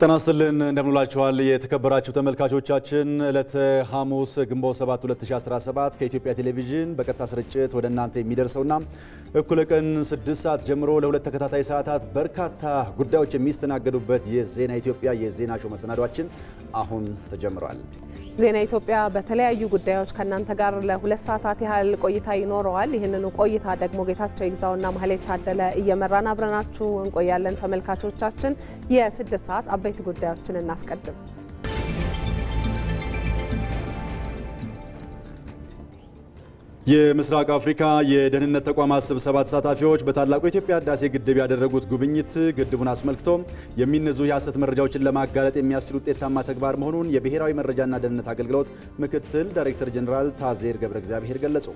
ጤና ይስጥልን እንደምንላችኋል የተከበራችሁ ተመልካቾቻችን ዕለተ ሐሙስ ግንቦት 7 2017 ከኢትዮጵያ ቴሌቪዥን በቀጥታ ስርጭት ወደ እናንተ የሚደርሰውና እኩለ ቀን 6 ሰዓት ጀምሮ ለሁለት ተከታታይ ሰዓታት በርካታ ጉዳዮች የሚስተናገዱበት የዜና ኢትዮጵያ የዜና ሾው መሰናዷችን አሁን ተጀምሯል። ዜና ኢትዮጵያ በተለያዩ ጉዳዮች ከእናንተ ጋር ለሁለት ሰዓታት ያህል ቆይታ ይኖረዋል። ይህንኑ ቆይታ ደግሞ ጌታቸው ይግዛውና ማህሌት ታደለ እየመራን አብረናችሁ እንቆያለን። ተመልካቾቻችን የስድስት ሰዓት አበይት ጉዳዮችን እናስቀድም። የምስራቅ አፍሪካ የደህንነት ተቋማት ስብሰባ ተሳታፊዎች በታላቁ የኢትዮጵያ ህዳሴ ግድብ ያደረጉት ጉብኝት ግድቡን አስመልክቶ የሚነዙ የሐሰት መረጃዎችን ለማጋለጥ የሚያስችል ውጤታማ ተግባር መሆኑን የብሔራዊ መረጃና ደህንነት አገልግሎት ምክትል ዳይሬክተር ጀኔራል ታዜር ገብረ እግዚአብሔር ገለጹ።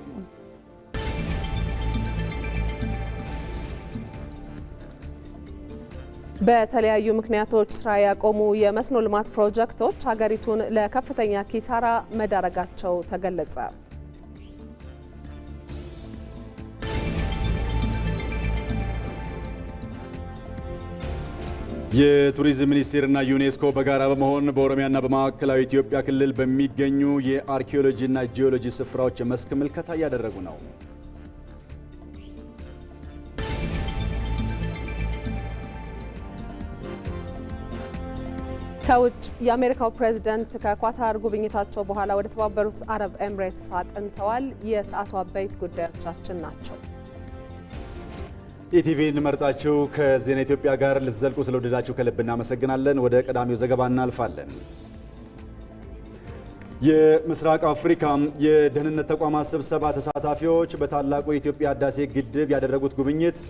በተለያዩ ምክንያቶች ስራ ያቆሙ የመስኖ ልማት ፕሮጀክቶች ሀገሪቱን ለከፍተኛ ኪሳራ መዳረጋቸው ተገለጸ። የቱሪዝም ሚኒስቴርና ዩኔስኮ በጋራ በመሆን በኦሮሚያና በማዕከላዊ ኢትዮጵያ ክልል በሚገኙ የአርኪኦሎጂና ጂኦሎጂ ስፍራዎች የመስክ ምልከታ እያደረጉ ነው። ከውጭ የአሜሪካው ፕሬዝደንት ከኳታር ጉብኝታቸው በኋላ ወደ ተባበሩት አረብ ኤምሬትስ አቅንተዋል። የሰዓቱ አበይት ጉዳዮቻችን ናቸው። ኢቲቪ እንመርጣችሁ ከዜና ኢትዮጵያ ጋር ልትዘልቁ ስለወደዳችሁ ከልብ እናመሰግናለን። ወደ ቀዳሚው ዘገባ እናልፋለን። የምስራቅ አፍሪካ የደህንነት ተቋማት ስብሰባ ተሳታፊዎች በታላቁ የኢትዮጵያ ህዳሴ ግድብ ያደረጉት ጉብኝት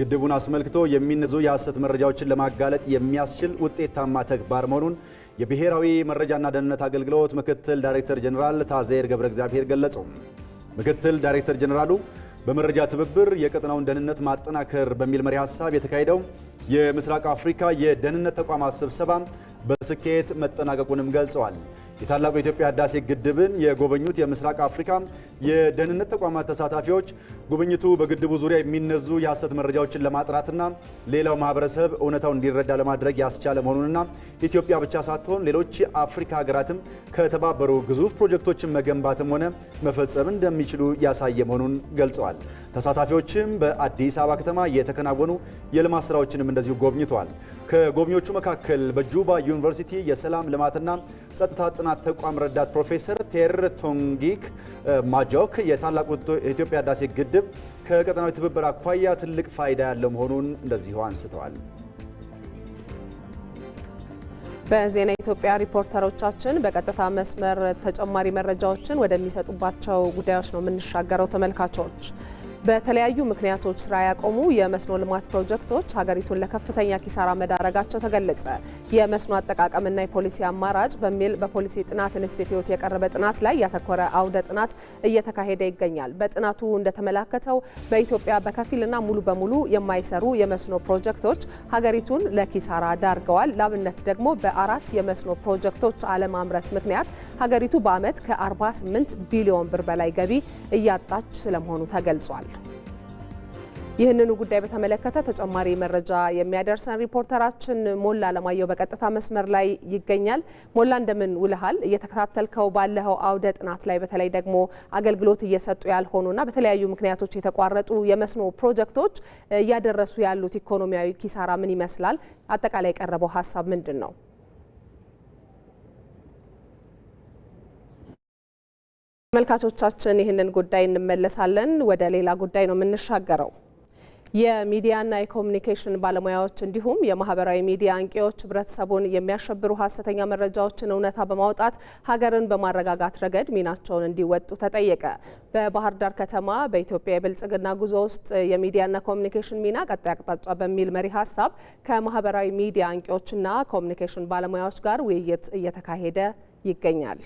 ግድቡን አስመልክቶ የሚነዙ የሐሰት መረጃዎችን ለማጋለጥ የሚያስችል ውጤታማ ተግባር መሆኑን የብሔራዊ መረጃና ደህንነት አገልግሎት ምክትል ዳይሬክተር ጀኔራል ታዘየር ገብረ እግዚአብሔር ገለጹ። ምክትል ዳይሬክተር ጀኔራሉ በመረጃ ትብብር የቀጠናውን ደህንነት ማጠናከር በሚል መሪ ሀሳብ የተካሄደው የምስራቅ አፍሪካ የደህንነት ተቋማት ስብሰባ በስኬት መጠናቀቁንም ገልጸዋል። የታላቁ የኢትዮጵያ ህዳሴ ግድብን የጎበኙት የምስራቅ አፍሪካ የደህንነት ተቋማት ተሳታፊዎች ጉብኝቱ በግድቡ ዙሪያ የሚነዙ የሐሰት መረጃዎችን ለማጥራትና ሌላው ማህበረሰብ እውነታው እንዲረዳ ለማድረግ ያስቻለ መሆኑንና ኢትዮጵያ ብቻ ሳትሆን ሌሎች የአፍሪካ ሀገራትም ከተባበሩ ግዙፍ ፕሮጀክቶችን መገንባትም ሆነ መፈጸም እንደሚችሉ ያሳየ መሆኑን ገልጸዋል። ተሳታፊዎችም በአዲስ አበባ ከተማ የተከናወኑ የልማት ስራዎችንም እንደዚሁ ጎብኝተዋል። ከጎብኚዎቹ መካከል በጁባ ዩኒቨርሲቲ የሰላም ልማትና ጸጥታ ጥናት ተቋም ረዳት ፕሮፌሰር ቴር ቶንጊክ ማጆክ የታላቁ የኢትዮጵያ ህዳሴ ግድብ ከቀጠናዊ ትብብር አኳያ ትልቅ ፋይዳ ያለው መሆኑን እንደዚሁ አንስተዋል። በዜና ኢትዮጵያ ሪፖርተሮቻችን በቀጥታ መስመር ተጨማሪ መረጃዎችን ወደሚሰጡባቸው ጉዳዮች ነው የምንሻገረው። ተመልካቾች በተለያዩ ምክንያቶች ስራ ያቆሙ የመስኖ ልማት ፕሮጀክቶች ሀገሪቱን ለከፍተኛ ኪሳራ መዳረጋቸው ተገለጸ። የመስኖ አጠቃቀምና የፖሊሲ አማራጭ በሚል በፖሊሲ ጥናት ኢንስቲትዩት የቀረበ ጥናት ላይ ያተኮረ አውደ ጥናት እየተካሄደ ይገኛል። በጥናቱ እንደተመላከተው በኢትዮጵያ በከፊልና ሙሉ በሙሉ የማይሰሩ የመስኖ ፕሮጀክቶች ሀገሪቱን ለኪሳራ ዳርገዋል። ላብነት ደግሞ በአራት የመስኖ ፕሮጀክቶች አለማምረት ምክንያት ሀገሪቱ በዓመት ከ48 ቢሊዮን ብር በላይ ገቢ እያጣች ስለመሆኑ ተገልጿል። ይህንኑ ጉዳይ በተመለከተ ተጨማሪ መረጃ የሚያደርሰን ሪፖርተራችን ሞላ አለማየሁ በቀጥታ መስመር ላይ ይገኛል። ሞላ እንደምን ውልሃል? እየተከታተልከው ባለኸው አውደ ጥናት ላይ በተለይ ደግሞ አገልግሎት እየሰጡ ያልሆኑና በተለያዩ ምክንያቶች የተቋረጡ የመስኖ ፕሮጀክቶች እያደረሱ ያሉት ኢኮኖሚያዊ ኪሳራ ምን ይመስላል? አጠቃላይ የቀረበው ሀሳብ ምንድን ነው? ተመልካቾቻችን ይህንን ጉዳይ እንመለሳለን። ወደ ሌላ ጉዳይ ነው የምንሻገረው። የሚዲያና የኮሚኒኬሽን ባለሙያዎች እንዲሁም የማህበራዊ ሚዲያ አንቂዎች ህብረተሰቡን የሚያሸብሩ ሀሰተኛ መረጃዎችን እውነታ በማውጣት ሀገርን በማረጋጋት ረገድ ሚናቸውን እንዲወጡ ተጠየቀ። በባህር ዳር ከተማ በኢትዮጵያ የብልጽግና ጉዞ ውስጥ የሚዲያና ኮሚኒኬሽን ሚና ቀጣይ አቅጣጫ በሚል መሪ ሀሳብ ከማህበራዊ ሚዲያ አንቂዎችና ኮሚኒኬሽን ባለሙያዎች ጋር ውይይት እየተካሄደ ይገኛል።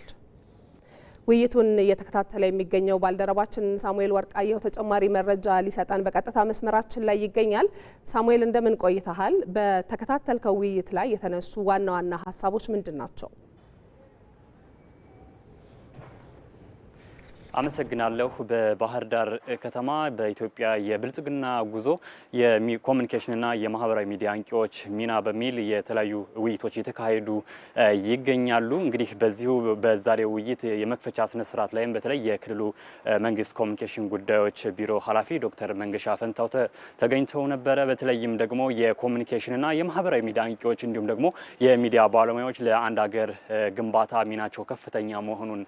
ውይይቱን እየተከታተለ የሚገኘው ባልደረባችን ሳሙኤል ወርቃየሁ ተጨማሪ መረጃ ሊሰጠን በቀጥታ መስመራችን ላይ ይገኛል። ሳሙኤል እንደምን ቆይተሃል? በተከታተልከው ውይይት ላይ የተነሱ ዋና ዋና ሀሳቦች ምንድን ናቸው? አመሰግናለሁ። በባህር ዳር ከተማ በኢትዮጵያ የብልጽግና ጉዞ የኮሚኒኬሽንና የማህበራዊ ሚዲያ አንቂዎች ሚና በሚል የተለያዩ ውይይቶች እየተካሄዱ ይገኛሉ። እንግዲህ በዚሁ በዛሬው ውይይት የመክፈቻ ስነስርዓት ላይም በተለይ የክልሉ መንግስት ኮሚኒኬሽን ጉዳዮች ቢሮ ኃላፊ ዶክተር መንገሻ ፈንታው ተገኝተው ነበረ። በተለይም ደግሞ የኮሚኒኬሽንና የማህበራዊ ሚዲያ አንቂዎች እንዲሁም ደግሞ የሚዲያ ባለሙያዎች ለአንድ ሀገር ግንባታ ሚናቸው ከፍተኛ መሆኑን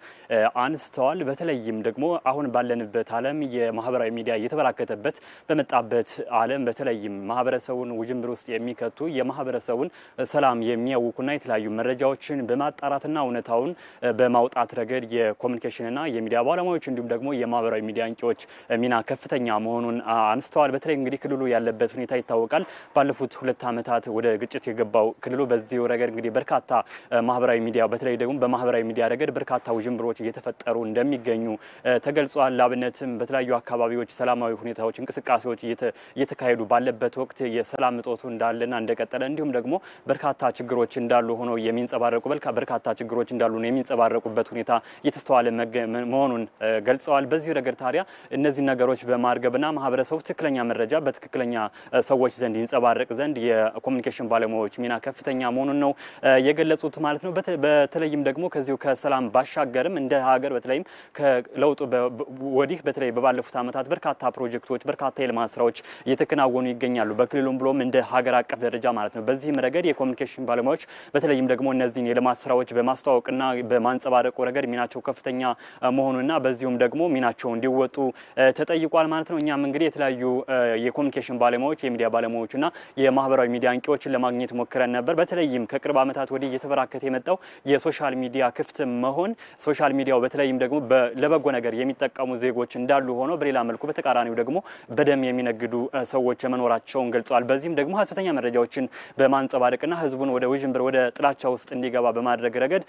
አንስተዋል። በተለይም ወይም ደግሞ አሁን ባለንበት ዓለም የማህበራዊ ሚዲያ እየተበራከተበት በመጣበት ዓለም በተለይም ማህበረሰቡን ውዥንብር ውስጥ የሚከቱ የማህበረሰቡን ሰላም የሚያውኩና የተለያዩ መረጃዎችን በማጣራትና እውነታውን በማውጣት ረገድ የኮሚኒኬሽንና የሚዲያ ባለሙያዎች እንዲሁም ደግሞ የማህበራዊ ሚዲያ አንቂዎች ሚና ከፍተኛ መሆኑን አንስተዋል። በተለይ እንግዲህ ክልሉ ያለበት ሁኔታ ይታወቃል። ባለፉት ሁለት ዓመታት ወደ ግጭት የገባው ክልሉ በዚሁ ረገድ እንግዲህ በርካታ ማህበራዊ ሚዲያ በተለይ ደግሞ በማህበራዊ ሚዲያ ረገድ በርካታ ውዥንብሮች እየተፈጠሩ እንደሚገኙ ተገልጿል። ላብነትም በተለያዩ አካባቢዎች ሰላማዊ ሁኔታዎች፣ እንቅስቃሴዎች እየተካሄዱ ባለበት ወቅት የሰላም እጦቱ እንዳለና እንደቀጠለ እንዲሁም ደግሞ በርካታ ችግሮች እንዳሉ ሆኖ የሚንጸባረቁ በርካታ ችግሮች እንዳሉ ነው የሚንጸባረቁበት ሁኔታ እየተስተዋለ መሆኑን ገልጸዋል። በዚህ ረገድ ታዲያ እነዚህ ነገሮች በማርገብና ማህበረሰቡ ትክክለኛ መረጃ በትክክለኛ ሰዎች ዘንድ ይንጸባረቅ ዘንድ የኮሚኒኬሽን ባለሙያዎች ሚና ከፍተኛ መሆኑን ነው የገለጹት ማለት ነው። በተለይም ደግሞ ከዚሁ ከሰላም ባሻገርም እንደ ሀገር በተለይም ለውጡ ወዲህ በተለይ በባለፉት ዓመታት በርካታ ፕሮጀክቶች በርካታ የልማት ስራዎች እየተከናወኑ ይገኛሉ። በክልሉም ብሎም እንደ ሀገር አቀፍ ደረጃ ማለት ነው። በዚህም ረገድ የኮሚኒኬሽን ባለሙያዎች በተለይም ደግሞ እነዚህን የልማት ስራዎች በማስተዋወቅና በማንጸባረቁ ረገድ ሚናቸው ከፍተኛ መሆኑና በዚሁም ደግሞ ሚናቸው እንዲወጡ ተጠይቋል ማለት ነው። እኛም እንግዲህ የተለያዩ የኮሚኒኬሽን ባለሙያዎች፣ የሚዲያ ባለሙያዎችና የማህበራዊ ሚዲያ አንቂዎችን ለማግኘት ሞክረን ነበር። በተለይም ከቅርብ ዓመታት ወዲህ እየተበራከተ የመጣው የሶሻል ሚዲያ ክፍት መሆን ሶሻል ሚዲያው በተለይም ደግሞ ለበ ለበጎ ነገር የሚጠቀሙ ዜጎች እንዳሉ ሆኖ በሌላ መልኩ በተቃራኒው ደግሞ በደም የሚነግዱ ሰዎች መኖራቸውን ገልጸዋል። በዚህም ደግሞ ሀሰተኛ መረጃዎችን በማንጸባረቅና ህዝቡን ወደ ውዥንብር፣ ወደ ጥላቻ ውስጥ እንዲገባ በማድረግ ረገድ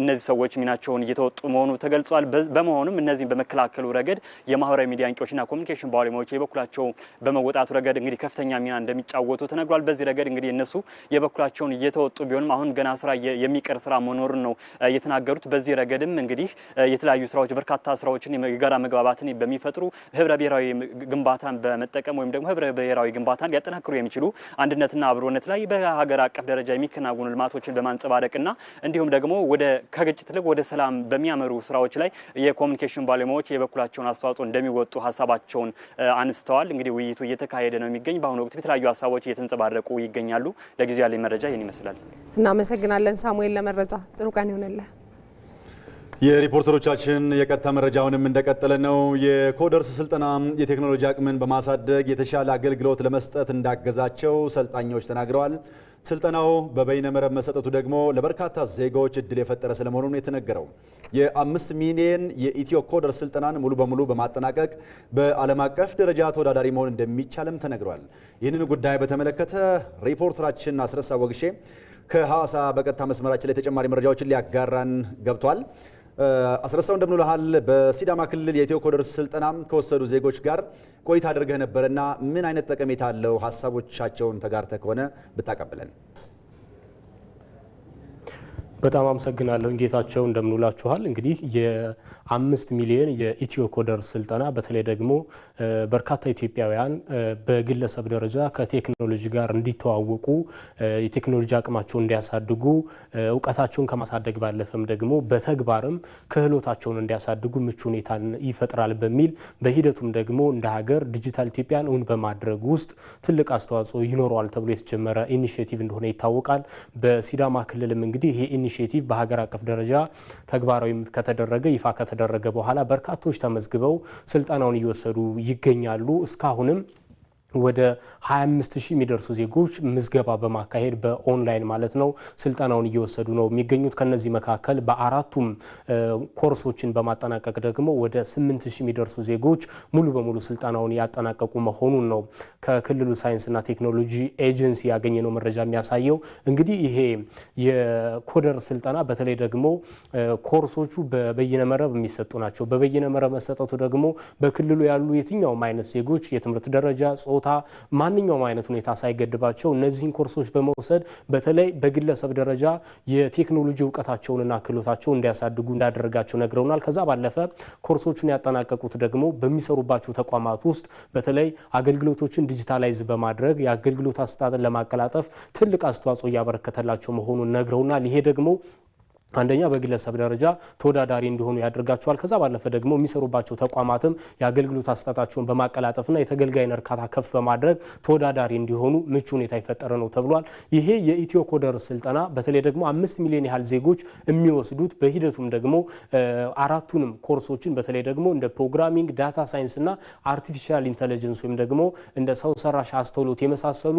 እነዚህ ሰዎች ሚናቸውን እየተወጡ መሆኑ ተገልጿል። በመሆኑም እነዚህን በመከላከሉ ረገድ የማህበራዊ ሚዲያ አንቂዎችና ኮሚኒኬሽን ባለሙያዎች የበኩላቸው በመወጣቱ ረገድ እንግዲህ ከፍተኛ ሚና እንደሚጫወቱ ተነግሯል። በዚህ ረገድ እንግዲህ እነሱ የበኩላቸውን እየተወጡ ቢሆንም አሁን ገና ስራ የሚቀር ስራ መኖሩን ነው የተናገሩት። በዚህ ረገድም እንግዲህ የተለያዩ ስራዎች በርካታ ስራዎችን የጋራ መግባባትን በሚፈጥሩ ህብረ ብሔራዊ ግንባታን በመጠቀም ወይም ደግሞ ህብረ ብሔራዊ ግንባታን ሊያጠናክሩ የሚችሉ አንድነትና አብሮነት ላይ በሀገር አቀፍ ደረጃ የሚከናወኑ ልማቶችን በማንጸባረቅና እንዲሁም ደግሞ ወደ ከግጭት ልቅ ወደ ሰላም በሚያመሩ ስራዎች ላይ የኮሚኒኬሽን ባለሙያዎች የበኩላቸውን አስተዋጽኦ እንደሚወጡ ሀሳባቸውን አንስተዋል። እንግዲህ ውይይቱ እየተካሄደ ነው የሚገኝ። በአሁኑ ወቅት የተለያዩ ሀሳቦች እየተንጸባረቁ ይገኛሉ። ለጊዜው ያለኝ መረጃ ይህን ይመስላል። እናመሰግናለን ሳሙኤል ለመረጃ። ጥሩ ቀን ይሆንልህ። የሪፖርተሮቻችን የቀጥታ መረጃውንም እንደቀጠለ ነው። የኮደርስ ስልጠና የቴክኖሎጂ አቅምን በማሳደግ የተሻለ አገልግሎት ለመስጠት እንዳገዛቸው ሰልጣኞች ተናግረዋል። ስልጠናው በበይነመረብ መሰጠቱ ደግሞ ለበርካታ ዜጋዎች እድል የፈጠረ ስለመሆኑ ነው የተነገረው። የአምስት ሚሊየን የኢትዮ ኮደርስ ስልጠናን ሙሉ በሙሉ በማጠናቀቅ በዓለም አቀፍ ደረጃ ተወዳዳሪ መሆን እንደሚቻልም ተነግሯል። ይህንን ጉዳይ በተመለከተ ሪፖርተራችን አስረሳ ወግሼ ከሐዋሳ በቀጥታ መስመራችን ላይ ተጨማሪ መረጃዎችን ሊያጋራን ገብቷል። አስረሳው እንደምንልሃል። በሲዳማ ክልል የኢትዮ ኮደርስ ስልጠና ከወሰዱ ዜጎች ጋር ቆይታ አድርገህ ነበረና ምን አይነት ጠቀሜታ አለው? ሀሳቦቻቸውን ተጋርተ ከሆነ ብታቀብለን። በጣም አመሰግናለሁ ጌታቸው። እንደምንውላችኋል እንግዲህ አምስት ሚሊዮን የኢትዮ ኮደር ስልጠና በተለይ ደግሞ በርካታ ኢትዮጵያውያን በግለሰብ ደረጃ ከቴክኖሎጂ ጋር እንዲተዋወቁ የቴክኖሎጂ አቅማቸውን እንዲያሳድጉ እውቀታቸውን ከማሳደግ ባለፈም ደግሞ በተግባርም ክህሎታቸውን እንዲያሳድጉ ምቹ ሁኔታን ይፈጥራል በሚል በሂደቱም ደግሞ እንደ ሀገር ዲጂታል ኢትዮጵያን እውን በማድረግ ውስጥ ትልቅ አስተዋጽኦ ይኖረዋል ተብሎ የተጀመረ ኢኒሽቲቭ እንደሆነ ይታወቃል። በሲዳማ ክልልም እንግዲህ ይሄ ኢኒሽቲቭ በሀገር አቀፍ ደረጃ ተግባራዊ ከተደረገ ይፋ ከተደረገ በኋላ በርካቶች ተመዝግበው ስልጠናውን እየወሰዱ ይገኛሉ። እስካሁንም ወደ 25 የሚደርሱ ዜጎች ምዝገባ በማካሄድ በኦንላይን ማለት ነው ስልጠናውን እየወሰዱ ነው የሚገኙት። ከነዚህ መካከል በአራቱም ኮርሶችን በማጠናቀቅ ደግሞ ወደ 8000 የሚደርሱ ዜጎች ሙሉ በሙሉ ስልጠናውን ያጠናቀቁ መሆኑን ነው ከክልሉ ሳይንስና ቴክኖሎጂ ኤጀንሲ ያገኘነው መረጃ የሚያሳየው። እንግዲህ ይሄ የኮደር ስልጠና በተለይ ደግሞ ኮርሶቹ በበይነ መረብ የሚሰጡ ናቸው። በበይነ መረብ መሰጠቱ ደግሞ በክልሉ ያሉ የትኛውም አይነት ዜጎች የትምህርት ደረጃ ጾታ፣ ማንኛውም አይነት ሁኔታ ሳይገድባቸው እነዚህን ኮርሶች በመውሰድ በተለይ በግለሰብ ደረጃ የቴክኖሎጂ እውቀታቸውንና ክህሎታቸውን እንዲያሳድጉ እንዳደረጋቸው ነግረውናል። ከዛ ባለፈ ኮርሶቹን ያጠናቀቁት ደግሞ በሚሰሩባቸው ተቋማት ውስጥ በተለይ አገልግሎቶችን ዲጂታላይዝ በማድረግ የአገልግሎት አሰጣጥን ለማቀላጠፍ ትልቅ አስተዋጽኦ እያበረከተላቸው መሆኑን ነግረውናል። ይሄ ደግሞ አንደኛ በግለሰብ ደረጃ ተወዳዳሪ እንዲሆኑ ያደርጋቸዋል። ከዛ ባለፈ ደግሞ የሚሰሩባቸው ተቋማትም የአገልግሎት አሰጣጣቸውን በማቀላጠፍና የተገልጋይን እርካታ ከፍ በማድረግ ተወዳዳሪ እንዲሆኑ ምቹ ሁኔታ የፈጠረ ነው ተብሏል። ይሄ የኢትዮ ኮደር ስልጠና በተለይ ደግሞ አምስት ሚሊዮን ያህል ዜጎች የሚወስዱት በሂደቱም ደግሞ አራቱንም ኮርሶችን በተለይ ደግሞ እንደ ፕሮግራሚንግ፣ ዳታ ሳይንስና አርቲፊሻል ኢንተለጀንስ ወይም ደግሞ እንደ ሰው ሰራሽ አስተውሎት የመሳሰሉ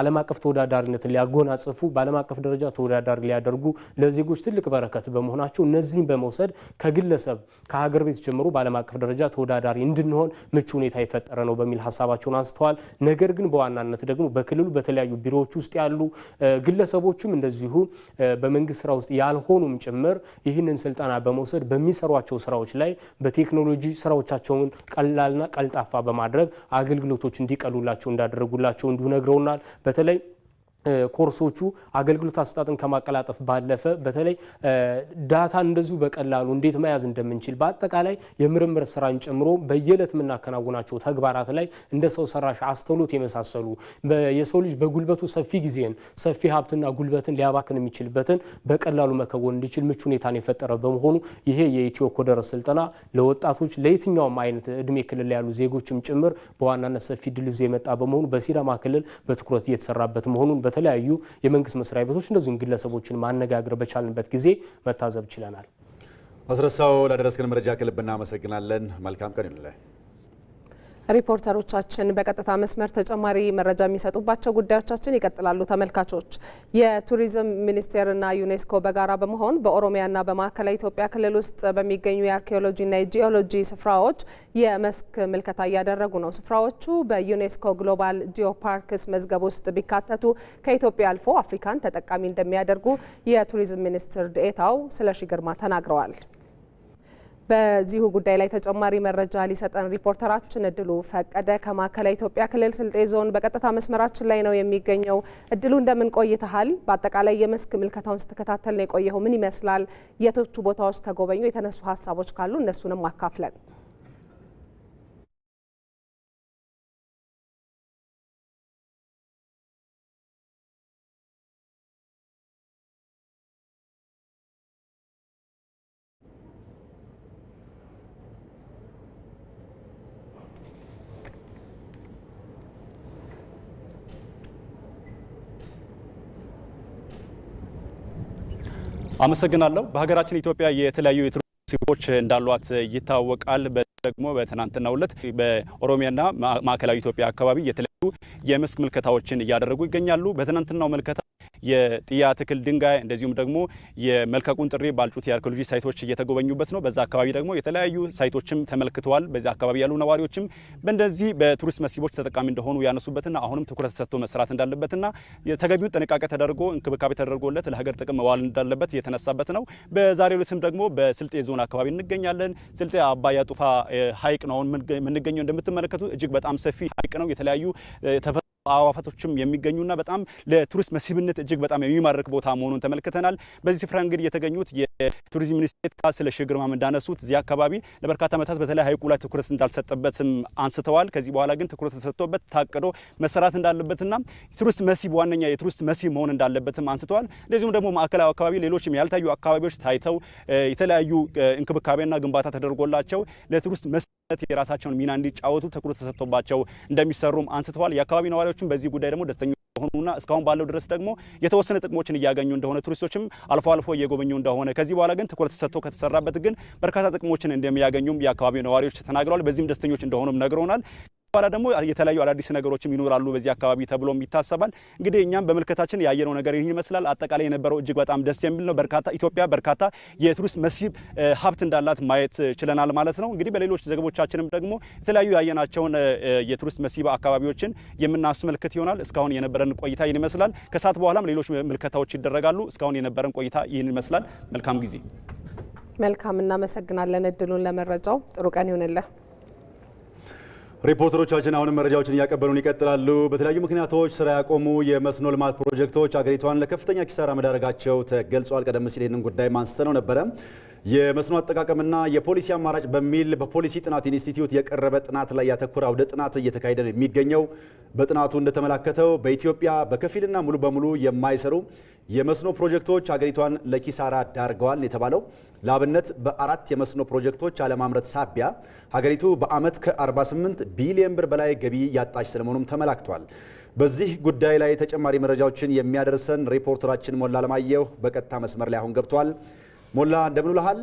ዓለም አቀፍ ተወዳዳሪነትን ሊያጎናጽፉ በዓለም አቀፍ ደረጃ ተወዳዳሪ ሊያደርጉ ለዜጎች ትልቅ በረከት በመሆናቸው እነዚህን በመውሰድ ከግለሰብ ከሀገር ቤት ጀምሮ በዓለም አቀፍ ደረጃ ተወዳዳሪ እንድንሆን ምቹ ሁኔታ የፈጠረ ነው በሚል ሀሳባቸውን አንስተዋል። ነገር ግን በዋናነት ደግሞ በክልሉ በተለያዩ ቢሮዎች ውስጥ ያሉ ግለሰቦችም እንደዚሁ በመንግስት ስራ ውስጥ ያልሆኑም ጭምር ይህንን ስልጠና በመውሰድ በሚሰሯቸው ስራዎች ላይ በቴክኖሎጂ ስራዎቻቸውን ቀላልና ቀልጣፋ በማድረግ አገልግሎቶች እንዲቀሉላቸው እንዳደረጉላቸው እንዲሁ ነግረውናል። በተለይ ኮርሶቹ አገልግሎት አሰጣጥን ከማቀላጠፍ ባለፈ በተለይ ዳታን እንደዚሁ በቀላሉ እንዴት መያዝ እንደምንችል በአጠቃላይ የምርምር ስራን ጨምሮ በየዕለት የምናከናውናቸው ተግባራት ላይ እንደ ሰው ሰራሽ አስተውሎት የመሳሰሉ የሰው ልጅ በጉልበቱ ሰፊ ጊዜን ሰፊ ሀብትና ጉልበትን ሊያባክን የሚችልበትን በቀላሉ መከወን እንዲችል ምቹ ሁኔታን የፈጠረ በመሆኑ ይሄ የኢትዮ ኮደር ስልጠና ለወጣቶች ለየትኛውም አይነት እድሜ ክልል ያሉ ዜጎችም ጭምር በዋናነት ሰፊ ድል ይዞ የመጣ በመሆኑ በሲዳማ ክልል በትኩረት እየተሰራበት መሆኑን በተለያዩ የመንግስት መስሪያ ቤቶች እንደዚሁም ግለሰቦችን ማነጋገር በቻልንበት ጊዜ መታዘብ ችለናል። አስረሳው፣ ላደረስክን መረጃ ከልብ እናመሰግናለን። መልካም ቀን ይሁንልህ። ሪፖርተሮቻችን በቀጥታ መስመር ተጨማሪ መረጃ የሚሰጡባቸው ጉዳዮቻችን ይቀጥላሉ። ተመልካቾች የቱሪዝም ሚኒስቴርና ዩኔስኮ በጋራ በመሆን በኦሮሚያና በማዕከላዊ ኢትዮጵያ ክልል ውስጥ በሚገኙ የአርኪኦሎጂና የጂኦሎጂ ስፍራዎች የመስክ ምልከታ እያደረጉ ነው። ስፍራዎቹ በዩኔስኮ ግሎባል ጂኦፓርክስ መዝገብ ውስጥ ቢካተቱ ከኢትዮጵያ አልፎ አፍሪካን ተጠቃሚ እንደሚያደርጉ የቱሪዝም ሚኒስትር ዴኤታው ስለሺ ግርማ ተናግረዋል። በዚሁ ጉዳይ ላይ ተጨማሪ መረጃ ሊሰጠን ሪፖርተራችን እድሉ ፈቀደ ከማዕከላዊ ኢትዮጵያ ክልል ስልጤ ዞን በቀጥታ መስመራችን ላይ ነው የሚገኘው። እድሉ እንደምን ቆይተሃል? በአጠቃላይ የመስክ ምልከታውን ስትከታተል ነው የቆየው። ምን ይመስላል? የቶቹ ቦታዎች ተጎበኙ? የተነሱ ሀሳቦች ካሉ እነሱንም አካፍለን አመሰግናለሁ። በሀገራችን ኢትዮጵያ የተለያዩ ች እንዳሏት ይታወቃል። ደግሞ በትናንትናው ዕለት በኦሮሚያና ማዕከላዊ ኢትዮጵያ አካባቢ የተለያዩ የመስክ ምልከታዎችን እያደረጉ ይገኛሉ። በትናንትናው ምልከታ የጥያ ትክል ድንጋይ እንደዚሁም ደግሞ የመልካ ቁንጥሪ ባልጩት የአርኪኦሎጂ ሳይቶች እየተጎበኙበት ነው። በዛ አካባቢ ደግሞ የተለያዩ ሳይቶችም ተመልክተዋል። በዚ አካባቢ ያሉ ነዋሪዎችም በእንደዚህ በቱሪስት መስህቦች ተጠቃሚ እንደሆኑ ያነሱበትና አሁንም ትኩረት ተሰጥቶ መስራት እንዳለበትና የተገቢውን ጥንቃቄ ተደርጎ እንክብካቤ ተደርጎለት ለሀገር ጥቅም መዋል እንዳለበት የተነሳበት ነው። በዛሬው ዕለትም ደግሞ በስልጤ ዞን አካባቢ እንገኛለን። ስልጤ አባያ ጡፋ ሀይቅ ነው አሁን የምንገኘው። እንደምትመለከቱት እጅግ በጣም ሰፊ ሀይቅ ነው የተለያዩ አዋፋቶችም የሚገኙና በጣም ለቱሪስት መስህብነት እጅግ በጣም የሚማርክ ቦታ መሆኑን ተመልክተናል። በዚህ ስፍራ እንግዲህ የተገኙት የቱሪዝም ሚኒስቴር ስለ ሺህ ግርማም እንዳነሱት እዚህ አካባቢ ለበርካታ ዓመታት በተለይ ሀይቁ ላይ ትኩረት እንዳልሰጠበትም አንስተዋል። ከዚህ በኋላ ግን ትኩረት ተሰጥቶበት ታቅዶ መሰራት እንዳለበትና ቱሪስት መስህብ ዋነኛ የቱሪስት መስህብ መሆን እንዳለበትም አንስተዋል። እንደዚሁም ደግሞ ማዕከላዊ አካባቢ ሌሎችም ያልታዩ አካባቢዎች ታይተው የተለያዩ እንክብካቤና ግንባታ ተደርጎላቸው ለቱሪስት መስህብነት የራሳቸውን ሚና እንዲጫወቱ ትኩረት ተሰጥቶባቸው እንደሚሰሩም አንስተዋል። የአካባቢ ነዋሪዎች ነዋሪዎችም በዚህ ጉዳይ ደግሞ ደስተኞች ሆኑና እስካሁን ባለው ድረስ ደግሞ የተወሰነ ጥቅሞችን እያገኙ እንደሆነ ቱሪስቶችም አልፎ አልፎ እየጎበኙ እንደሆነ ከዚህ በኋላ ግን ትኩረት ተሰጥቶ ከተሰራበት ግን በርካታ ጥቅሞችን እንደሚያገኙም የአካባቢው ነዋሪዎች ተናግረዋል። በዚህም ደስተኞች እንደሆኑም ነግረውናል። በኋላ ደግሞ የተለያዩ አዳዲስ ነገሮችም ይኖራሉ በዚህ አካባቢ ተብሎም ይታሰባል። እንግዲህ እኛም በምልከታችን ያየነው ነገር ይህን ይመስላል። አጠቃላይ የነበረው እጅግ በጣም ደስ የሚል ነው። በርካታ ኢትዮጵያ በርካታ የቱሪስት መስህብ ሀብት እንዳላት ማየት ችለናል ማለት ነው። እንግዲህ በሌሎች ዘገቦቻችንም ደግሞ የተለያዩ ያየናቸውን የቱሪስት መስህብ አካባቢዎችን የምናስመልክት ይሆናል። እስካሁን የነበረን ቆይታ ይህን ይመስላል። ከሰዓት በኋላም ሌሎች ምልከታዎች ይደረጋሉ። እስካሁን የነበረን ቆይታ ይህን ይመስላል። መልካም ጊዜ። መልካም፣ እናመሰግናለን። እድሉን ለመረጃው ጥሩ ቀን ይሁንልህ። ሪፖርተሮቻችን አሁንም መረጃዎችን እያቀበሉን ይቀጥላሉ። በተለያዩ ምክንያቶች ስራ ያቆሙ የመስኖ ልማት ፕሮጀክቶች አገሪቷን ለከፍተኛ ኪሳራ መዳረጋቸው ተገልጿል። ቀደም ሲል ይህንን ጉዳይ ማንስተ ነው ነበረ የመስኖ አጠቃቀምና የፖሊሲ አማራጭ በሚል በፖሊሲ ጥናት ኢንስቲትዩት የቀረበ ጥናት ላይ ያተኮረ አውደ ጥናት እየተካሄደ ነው የሚገኘው። በጥናቱ እንደተመላከተው በኢትዮጵያ በከፊልና ሙሉ በሙሉ የማይሰሩ የመስኖ ፕሮጀክቶች ሀገሪቷን ለኪሳራ ዳርገዋል የተባለው ለአብነት በአራት የመስኖ ፕሮጀክቶች አለማምረት ሳቢያ ሀገሪቱ በዓመት ከ48 ቢሊዮን ብር በላይ ገቢ ያጣች ስለመሆኑም ተመላክቷል። በዚህ ጉዳይ ላይ ተጨማሪ መረጃዎችን የሚያደርሰን ሪፖርተራችን ሞላ አለማየሁ በቀጥታ መስመር ላይ አሁን ገብቷል። ሞላ እንደምን ውለሃል?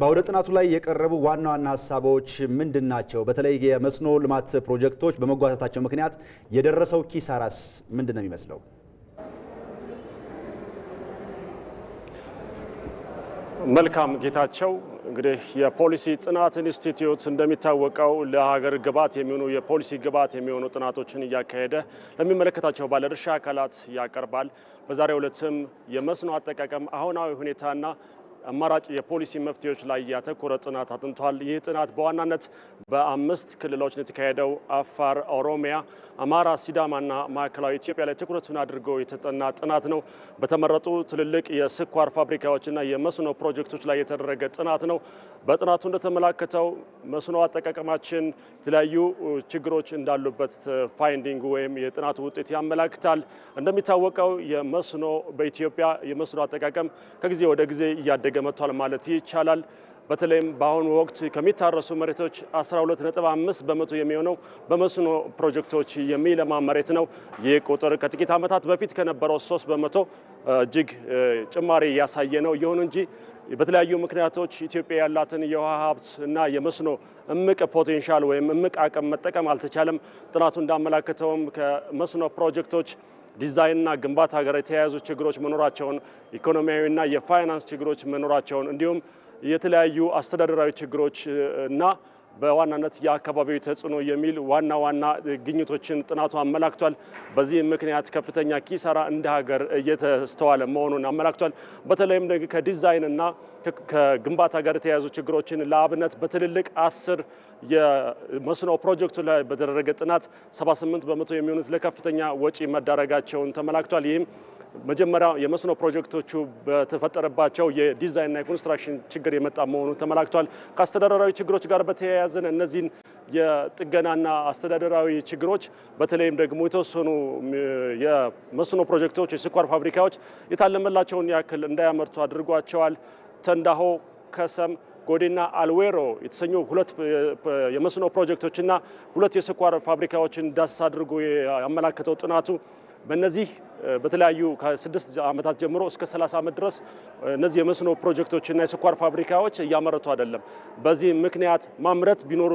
በአውደ ጥናቱ ላይ የቀረቡ ዋና ዋና ሀሳቦች ምንድን ናቸው? በተለይ የመስኖ ልማት ፕሮጀክቶች በመጓተታቸው ምክንያት የደረሰው ኪሳራስ ምንድን ነው የሚመስለው? መልካም ጌታቸው፣ እንግዲህ የፖሊሲ ጥናት ኢንስቲትዩት እንደሚታወቀው ለሀገር ግብዓት የሚሆኑ የፖሊሲ ግብዓት የሚሆኑ ጥናቶችን እያካሄደ ለሚመለከታቸው ባለድርሻ አካላት ያቀርባል። በዛሬው ዕለትም የመስኖ አጠቃቀም አሁናዊ ሁኔታና አማራጭ የፖሊሲ መፍትሄዎች ላይ ያተኮረ ጥናት አጥንቷል። ይህ ጥናት በዋናነት በአምስት ክልሎች የተካሄደው አፋር፣ ኦሮሚያ፣ አማራ፣ ሲዳማና ማዕከላዊ ኢትዮጵያ ላይ ትኩረቱን አድርጎ የተጠና ጥናት ነው። በተመረጡ ትልልቅ የስኳር ፋብሪካዎችና የመስኖ ፕሮጀክቶች ላይ የተደረገ ጥናት ነው። በጥናቱ እንደተመላከተው መስኖ አጠቃቀማችን የተለያዩ ችግሮች እንዳሉበት ፋይንዲንግ ወይም የጥናቱ ውጤት ያመላክታል። እንደሚታወቀው የመስኖ በኢትዮጵያ የመስኖ አጠቃቀም ከጊዜ ወደ ጊዜ እያደ እያደገ መጥቷል ማለት ይቻላል። በተለይም በአሁኑ ወቅት ከሚታረሱ መሬቶች 12.5 በመቶ የሚሆነው በመስኖ ፕሮጀክቶች የሚለማ መሬት ነው። ይህ ቁጥር ከጥቂት ዓመታት በፊት ከነበረው 3 በመቶ እጅግ ጭማሪ እያሳየ ነው። ይሁን እንጂ በተለያዩ ምክንያቶች ኢትዮጵያ ያላትን የውሃ ሀብት እና የመስኖ እምቅ ፖቴንሻል ወይም እምቅ አቅም መጠቀም አልተቻለም። ጥናቱ እንዳመላከተውም ከመስኖ ፕሮጀክቶች ዲዛይንና ግንባታ ጋር የተያያዙ ችግሮች መኖራቸውን፣ ኢኮኖሚያዊና የፋይናንስ ችግሮች መኖራቸውን እንዲሁም የተለያዩ አስተዳደራዊ ችግሮች እና በዋናነት የአካባቢው ተጽዕኖ የሚል ዋና ዋና ግኝቶችን ጥናቱ አመላክቷል። በዚህ ምክንያት ከፍተኛ ኪሳራ እንደ ሀገር እየተስተዋለ መሆኑን አመላክቷል። በተለይም ከዲዛይንና ከግንባታ ጋር የተያያዙ ችግሮችን ለአብነት በትልልቅ አስር የመስኖ ፕሮጀክቱ ላይ በተደረገ ጥናት 78 በመቶ የሚሆኑት ለከፍተኛ ወጪ መዳረጋቸውን ተመላክቷል። ይህም መጀመሪያ የመስኖ ፕሮጀክቶቹ በተፈጠረባቸው የዲዛይንና የኮንስትራክሽን ችግር የመጣ መሆኑ ተመላክቷል። ከአስተዳደራዊ ችግሮች ጋር በተያያዘ እነዚህን የጥገናና አስተዳደራዊ ችግሮች በተለይም ደግሞ የተወሰኑ የመስኖ ፕሮጀክቶች የስኳር ፋብሪካዎች የታለመላቸውን ያክል እንዳያመርቱ አድርጓቸዋል። ተንዳሆ፣ ከሰም ጎዴና አልዌሮ የተሰኙ ሁለት የመስኖ ፕሮጀክቶችና ሁለት የስኳር ፋብሪካዎችን ዳሰሳ አድርጎ ያመላከተው ጥናቱ በእነዚህ በተለያዩ ከስድስት ዓመታት ጀምሮ እስከ 30 ዓመት ድረስ እነዚህ የመስኖ ፕሮጀክቶችና የስኳር ፋብሪካዎች እያመረቱ አይደለም። በዚህ ምክንያት ማምረት ቢኖሩ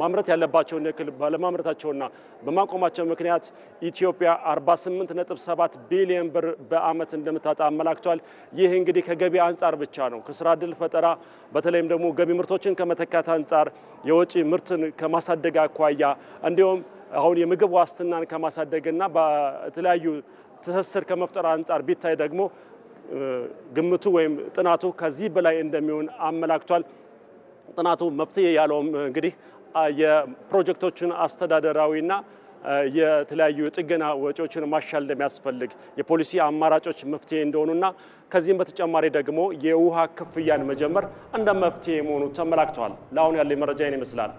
ማምረት ያለባቸውን ያክል ባለማምረታቸውና በማቆማቸው ምክንያት ኢትዮጵያ 48.7 ቢሊዮን ብር በዓመት እንደምታጣ አመላክቷል። ይህ እንግዲህ ከገቢ አንጻር ብቻ ነው። ከስራ ድል ፈጠራ በተለይም ደግሞ ገቢ ምርቶችን ከመተካት አንጻር የወጪ ምርትን ከማሳደግ አኳያ እንዲሁም አሁን የምግብ ዋስትናን ከማሳደግና በተለያዩ ትስስር ከመፍጠር አንጻር ቢታይ ደግሞ ግምቱ ወይም ጥናቱ ከዚህ በላይ እንደሚሆን አመላክቷል። ጥናቱ መፍትሄ ያለውም እንግዲህ የፕሮጀክቶችን አስተዳደራዊና የተለያዩ ጥገና ወጪዎችን ማሻል እንደሚያስፈልግ የፖሊሲ አማራጮች መፍትሄ እንደሆኑና ከዚህም በተጨማሪ ደግሞ የውሃ ክፍያን መጀመር እንደ መፍትሄ መሆኑ ተመላክተዋል። ለአሁኑ ያለ መረጃ ይህን ይመስላል።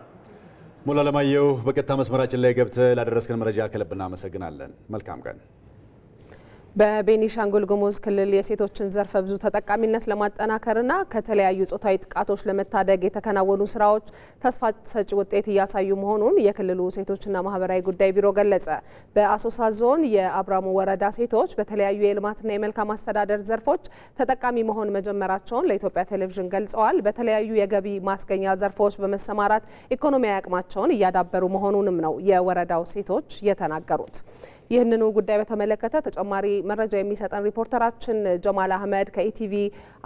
ሙሉ አለማየሁ በቀጥታ መስመራችን ላይ ገብተህ ላደረስከን መረጃ ከልብ እናመሰግናለን። መልካም ቀን። በቤኒሻንጉል ጉሙዝ ክልል የሴቶችን ዘርፈ ብዙ ተጠቃሚነት ለማጠናከርና ከተለያዩ ጾታዊ ጥቃቶች ለመታደግ የተከናወኑ ስራዎች ተስፋ ሰጪ ውጤት እያሳዩ መሆኑን የክልሉ ሴቶችና ማህበራዊ ጉዳይ ቢሮ ገለጸ። በአሶሳ ዞን የአብራሙ ወረዳ ሴቶች በተለያዩ የልማትና የመልካም አስተዳደር ዘርፎች ተጠቃሚ መሆን መጀመራቸውን ለኢትዮጵያ ቴሌቪዥን ገልጸዋል። በተለያዩ የገቢ ማስገኛ ዘርፎች በመሰማራት ኢኮኖሚያዊ አቅማቸውን እያዳበሩ መሆኑንም ነው የወረዳው ሴቶች የተናገሩት። ይህንኑ ጉዳይ በተመለከተ ተጨማሪ መረጃ የሚሰጠን ሪፖርተራችን ጀማል አህመድ ከኢቲቪ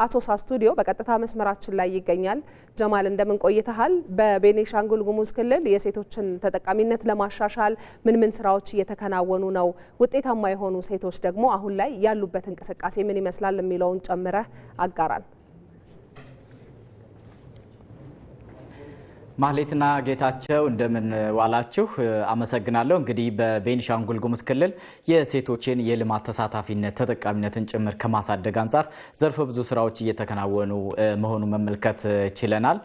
አሶሳ ስቱዲዮ በቀጥታ መስመራችን ላይ ይገኛል። ጀማል እንደምን ቆይተሃል? በቤኔሻንጉል ጉሙዝ ክልል የሴቶችን ተጠቃሚነት ለማሻሻል ምን ምን ስራዎች እየተከናወኑ ነው? ውጤታማ የሆኑ ሴቶች ደግሞ አሁን ላይ ያሉበት እንቅስቃሴ ምን ይመስላል የሚለውን ጨምረህ አጋራል። ማህሌትና ጌታቸው እንደምን ዋላችሁ? አመሰግናለሁ። እንግዲህ በቤኒሻንጉል ጉሙዝ ክልል የሴቶችን የልማት ተሳታፊነት ተጠቃሚነትን ጭምር ከማሳደግ አንጻር ዘርፈ ብዙ ስራዎች እየተከናወኑ መሆኑ መመልከት ችለናል።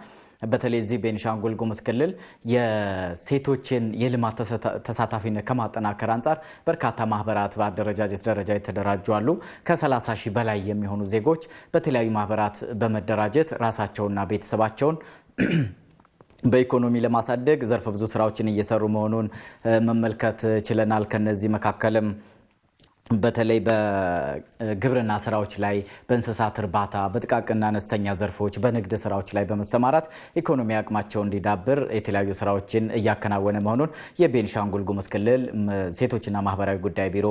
በተለይ እዚህ ቤኒሻንጉል ጉሙዝ ክልል የሴቶችን የልማት ተሳታፊነት ከማጠናከር አንጻር በርካታ ማህበራት በአደረጃጀት ደረጃ የተደራጁ አሉ። ከ30 ሺህ በላይ የሚሆኑ ዜጎች በተለያዩ ማህበራት በመደራጀት ራሳቸውና ቤተሰባቸውን በኢኮኖሚ ለማሳደግ ዘርፈ ብዙ ስራዎችን እየሰሩ መሆኑን መመልከት ችለናል። ከነዚህ መካከልም በተለይ በግብርና ስራዎች ላይ፣ በእንስሳት እርባታ፣ በጥቃቅንና አነስተኛ ዘርፎች፣ በንግድ ስራዎች ላይ በመሰማራት ኢኮኖሚ አቅማቸው እንዲዳብር የተለያዩ ስራዎችን እያከናወነ መሆኑን የቤንሻንጉል ጉሙዝ ክልል ሴቶችና ማህበራዊ ጉዳይ ቢሮ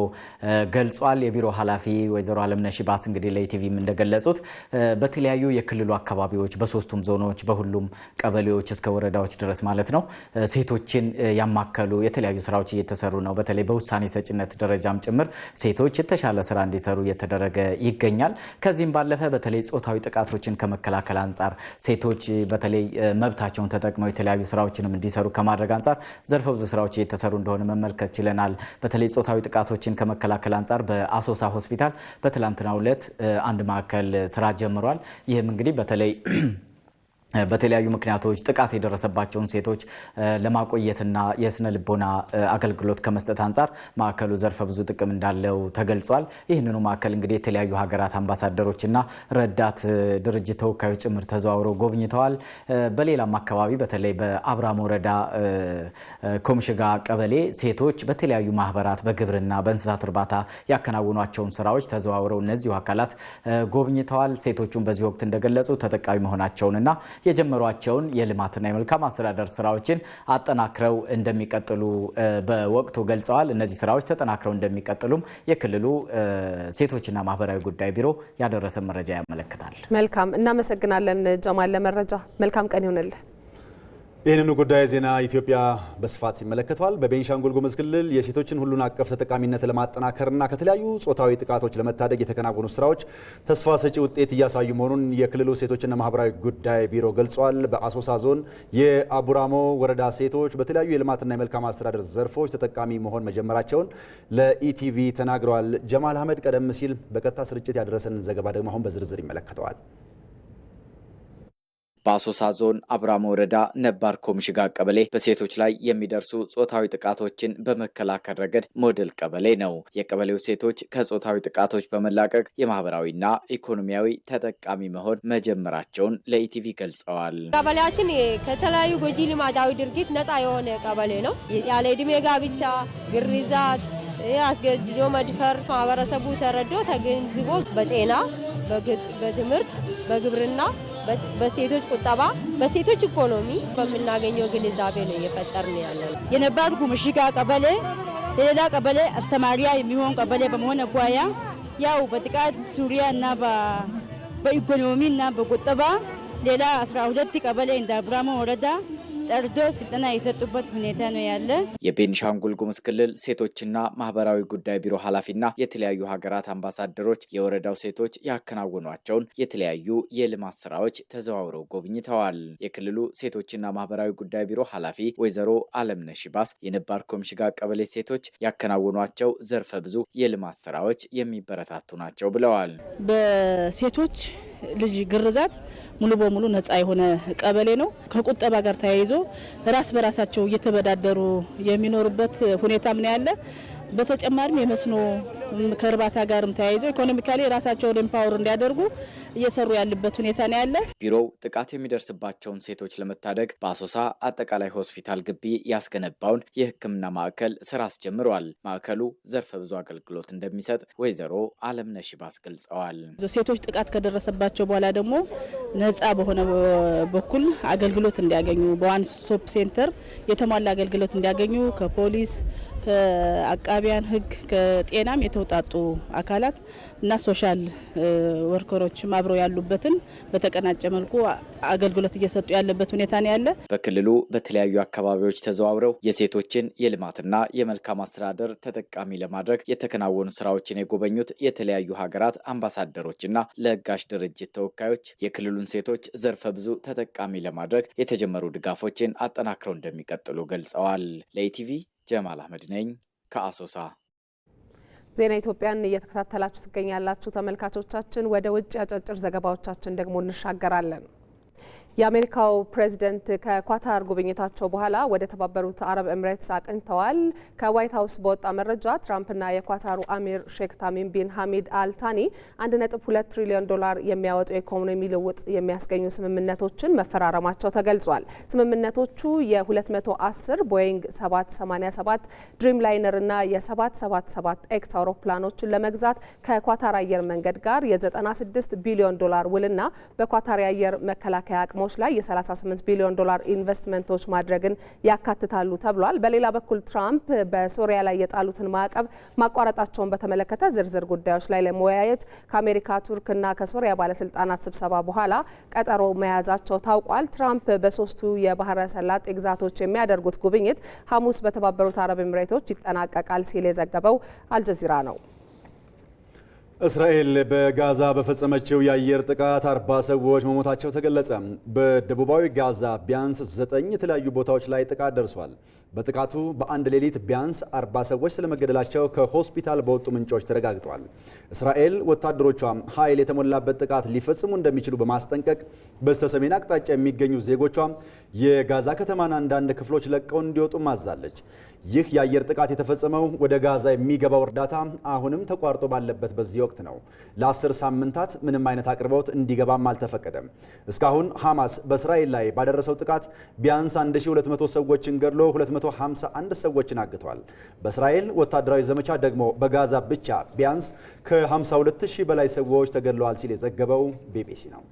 ገልጿል። የቢሮ ኃላፊ ወይዘሮ አለምነሽ ባስ እንግዲህ ለኢቲቪም እንደገለጹት በተለያዩ የክልሉ አካባቢዎች በሶስቱም ዞኖች በሁሉም ቀበሌዎች እስከ ወረዳዎች ድረስ ማለት ነው ሴቶችን ያማከሉ የተለያዩ ስራዎች እየተሰሩ ነው። በተለይ በውሳኔ ሰጭነት ደረጃም ጭምር ሴቶች የተሻለ ስራ እንዲሰሩ እየተደረገ ይገኛል። ከዚህም ባለፈ በተለይ ጾታዊ ጥቃቶችን ከመከላከል አንጻር ሴቶች በተለይ መብታቸውን ተጠቅመው የተለያዩ ስራዎችንም እንዲሰሩ ከማድረግ አንጻር ዘርፈ ብዙ ስራዎች እየተሰሩ እንደሆነ መመልከት ችለናል። በተለይ ጾታዊ ጥቃቶችን ከመከላከል አንጻር በአሶሳ ሆስፒታል በትላንትናው ዕለት አንድ ማዕከል ስራ ጀምሯል። ይህም እንግዲህ በተለይ በተለያዩ ምክንያቶች ጥቃት የደረሰባቸውን ሴቶች ለማቆየትና የስነ ልቦና አገልግሎት ከመስጠት አንጻር ማዕከሉ ዘርፈ ብዙ ጥቅም እንዳለው ተገልጿል። ይህንኑ ማዕከል እንግዲህ የተለያዩ ሀገራት አምባሳደሮችና ረዳት ድርጅት ተወካዮች ጭምር ተዘዋውረው ጎብኝተዋል። በሌላም አካባቢ በተለይ በአብራም ወረዳ ኮምሽጋ ቀበሌ ሴቶች በተለያዩ ማህበራት በግብርና በእንስሳት እርባታ ያከናውኗቸውን ስራዎች ተዘዋውረው እነዚሁ አካላት ጎብኝተዋል። ሴቶቹን በዚህ ወቅት እንደገለጹ ተጠቃሚ መሆናቸውንና የጀመሯቸውን የልማትና የመልካም አስተዳደር ስራዎችን አጠናክረው እንደሚቀጥሉ በወቅቱ ገልጸዋል። እነዚህ ስራዎች ተጠናክረው እንደሚቀጥሉም የክልሉ ሴቶችና ማህበራዊ ጉዳይ ቢሮ ያደረሰ መረጃ ያመለክታል። መልካም እናመሰግናለን ጀማል ለመረጃ። መልካም ቀን ይሆንልን። ይህንኑ ጉዳይ ዜና ኢትዮጵያ በስፋት ይመለከተዋል። በቤንሻንጉል ጉሙዝ ክልል የሴቶችን ሁሉን አቀፍ ተጠቃሚነት ለማጠናከርና ከተለያዩ ጾታዊ ጥቃቶች ለመታደግ የተከናወኑ ስራዎች ተስፋ ሰጪ ውጤት እያሳዩ መሆኑን የክልሉ ሴቶችና ማህበራዊ ጉዳይ ቢሮ ገልጿል። በአሶሳ ዞን የአቡራሞ ወረዳ ሴቶች በተለያዩ የልማትና የመልካም አስተዳደር ዘርፎች ተጠቃሚ መሆን መጀመራቸውን ለኢቲቪ ተናግረዋል። ጀማል አህመድ ቀደም ሲል በቀጥታ ስርጭት ያደረሰን ዘገባ ደግሞ አሁን በዝርዝር ይመለከተዋል። በአሶሳ ዞን አብራሞ ወረዳ ነባር ኮምሽጋ ቀበሌ በሴቶች ላይ የሚደርሱ ጾታዊ ጥቃቶችን በመከላከል ረገድ ሞዴል ቀበሌ ነው። የቀበሌው ሴቶች ከጾታዊ ጥቃቶች በመላቀቅ የማህበራዊና ኢኮኖሚያዊ ተጠቃሚ መሆን መጀመራቸውን ለኢቲቪ ገልጸዋል። ቀበሌያችን ከተለያዩ ጎጂ ልማዳዊ ድርጊት ነፃ የሆነ ቀበሌ ነው። ያለ ዕድሜ ጋብቻ፣ ግርዛት፣ አስገድዶ መድፈር ማህበረሰቡ ተረዶ ተገንዝቦ በጤና በትምህርት በግብርና በሴቶች ቁጠባ፣ በሴቶች ኢኮኖሚ በምናገኘው ግንዛቤ ነው እየፈጠርን ያለ የነበርኩ ምሽጋ ቀበሌ የሌላ ቀበሌ አስተማሪያ የሚሆን ቀበሌ በመሆነ ጓያ ያው በጥቃት ዙሪያ እና በኢኮኖሚ እና በቁጠባ ሌላ 12 ቀበሌ እንዳብራሞ ወረዳ ጠርዶ ስልጠና የሰጡበት ሁኔታ ነው ያለ። የቤኒሻንጉል ጉሙዝ ክልል ሴቶችና ማህበራዊ ጉዳይ ቢሮ ኃላፊና የተለያዩ ሀገራት አምባሳደሮች የወረዳው ሴቶች ያከናወኗቸውን የተለያዩ የልማት ስራዎች ተዘዋውረው ጎብኝተዋል። የክልሉ ሴቶችና ማህበራዊ ጉዳይ ቢሮ ኃላፊ ወይዘሮ አለምነሽ ባስ የነባር ኮምሽጋ ቀበሌ ሴቶች ያከናወኗቸው ዘርፈ ብዙ የልማት ስራዎች የሚበረታቱ ናቸው ብለዋል። በሴቶች ልጅ ግርዛት ሙሉ በሙሉ ነፃ የሆነ ቀበሌ ነው። ከቁጠባ ጋር ተያይዞ ናቸው። ራስ በራሳቸው እየተበዳደሩ የሚኖሩበት ሁኔታ ምን ያለ። በተጨማሪም የመስኖ ከእርባታ ጋርም ተያይዞ ኢኮኖሚካሊ ራሳቸውን ኤምፓወር እንዲያደርጉ እየሰሩ ያሉበት ሁኔታ ነው ያለ። ቢሮው ጥቃት የሚደርስባቸውን ሴቶች ለመታደግ በአሶሳ አጠቃላይ ሆስፒታል ግቢ ያስገነባውን የሕክምና ማዕከል ስራ አስጀምረዋል። ማዕከሉ ዘርፈ ብዙ አገልግሎት እንደሚሰጥ ወይዘሮ አለም ባስ ገልጸዋል። ሴቶች ጥቃት ከደረሰባቸው በኋላ ደግሞ ነጻ በሆነ በኩል አገልግሎት እንዲያገኙ በዋን ስቶፕ ሴንተር የተሟላ አገልግሎት እንዲያገኙ ከፖሊስ ከአቃቢያን ህግ ከጤናም የተውጣጡ አካላት እና ሶሻል ወርከሮችም አብረው ያሉበትን በተቀናጨ መልኩ አገልግሎት እየሰጡ ያለበት ሁኔታ ነው ያለ። በክልሉ በተለያዩ አካባቢዎች ተዘዋውረው የሴቶችን የልማትና የመልካም አስተዳደር ተጠቃሚ ለማድረግ የተከናወኑ ስራዎችን የጎበኙት የተለያዩ ሀገራት አምባሳደሮችና ለጋሽ ድርጅት ተወካዮች የክልሉን ሴቶች ዘርፈ ብዙ ተጠቃሚ ለማድረግ የተጀመሩ ድጋፎችን አጠናክረው እንደሚቀጥሉ ገልጸዋል። ለኢቲቪ ጀማል አህመድ ነኝ ከአሶሳ። ዜና ኢትዮጵያን እየተከታተላችሁ ትገኛላችሁ ተመልካቾቻችን። ወደ ውጭ አጫጭር ዘገባዎቻችን ደግሞ እንሻገራለን። የአሜሪካው ፕሬዚደንት ከኳታር ጉብኝታቸው በኋላ ወደ ተባበሩት አረብ ኤምሬትስ አቅንተዋል። ከዋይት ሀውስ በወጣ መረጃ ትራምፕና የኳታሩ አሚር ሼክ ታሚም ቢን ሀሚድ አልታኒ 1.2 ትሪሊዮን ዶላር የሚያወጡ የኢኮኖሚ ልውጥ የሚያስገኙ ስምምነቶችን መፈራረማቸው ተገልጿል። ስምምነቶቹ የ210 ቦይንግ 787 ድሪም ላይነር እና የ777 ኤክስ አውሮፕላኖችን ለመግዛት ከኳታር አየር መንገድ ጋር የ96 ቢሊዮን ዶላር ውልና በኳታር የአየር መከላከያ አቅሞች ስራዎች ላይ የ38 ቢሊዮን ዶላር ኢንቨስትመንቶች ማድረግን ያካትታሉ ተብሏል። በሌላ በኩል ትራምፕ በሶሪያ ላይ የጣሉትን ማዕቀብ ማቋረጣቸውን በተመለከተ ዝርዝር ጉዳዮች ላይ ለመወያየት ከአሜሪካ ቱርክና ከሶሪያ ባለስልጣናት ስብሰባ በኋላ ቀጠሮ መያዛቸው ታውቋል። ትራምፕ በሶስቱ የባህረ ሰላጤ ግዛቶች የሚያደርጉት ጉብኝት ሐሙስ በተባበሩት አረብ ኤምሬቶች ይጠናቀቃል ሲል የዘገበው አልጀዚራ ነው። እስራኤል በጋዛ በፈጸመችው የአየር ጥቃት አርባ ሰዎች መሞታቸው ተገለጸ። በደቡባዊ ጋዛ ቢያንስ ዘጠኝ የተለያዩ ቦታዎች ላይ ጥቃት ደርሷል። በጥቃቱ በአንድ ሌሊት ቢያንስ አርባ ሰዎች ስለመገደላቸው ከሆስፒታል በወጡ ምንጮች ተረጋግጧል። እስራኤል ወታደሮቿም ኃይል የተሞላበት ጥቃት ሊፈጽሙ እንደሚችሉ በማስጠንቀቅ በስተሰሜን አቅጣጫ የሚገኙ ዜጎቿ የጋዛ ከተማን አንዳንድ ክፍሎች ለቀው እንዲወጡ ማዛለች። ይህ የአየር ጥቃት የተፈጸመው ወደ ጋዛ የሚገባው እርዳታ አሁንም ተቋርጦ ባለበት በዚህ ወቅት ነው። ለአስር ሳምንታት ምንም አይነት አቅርቦት እንዲገባም አልተፈቀደም። እስካሁን ሐማስ በእስራኤል ላይ ባደረሰው ጥቃት ቢያንስ 1200 ሰዎችን ገድሎ 251 ሰዎችን አግቷል። በእስራኤል ወታደራዊ ዘመቻ ደግሞ በጋዛ ብቻ ቢያንስ ከ52000 በላይ ሰዎች ተገድለዋል ሲል የዘገበው ቢቢሲ ነው።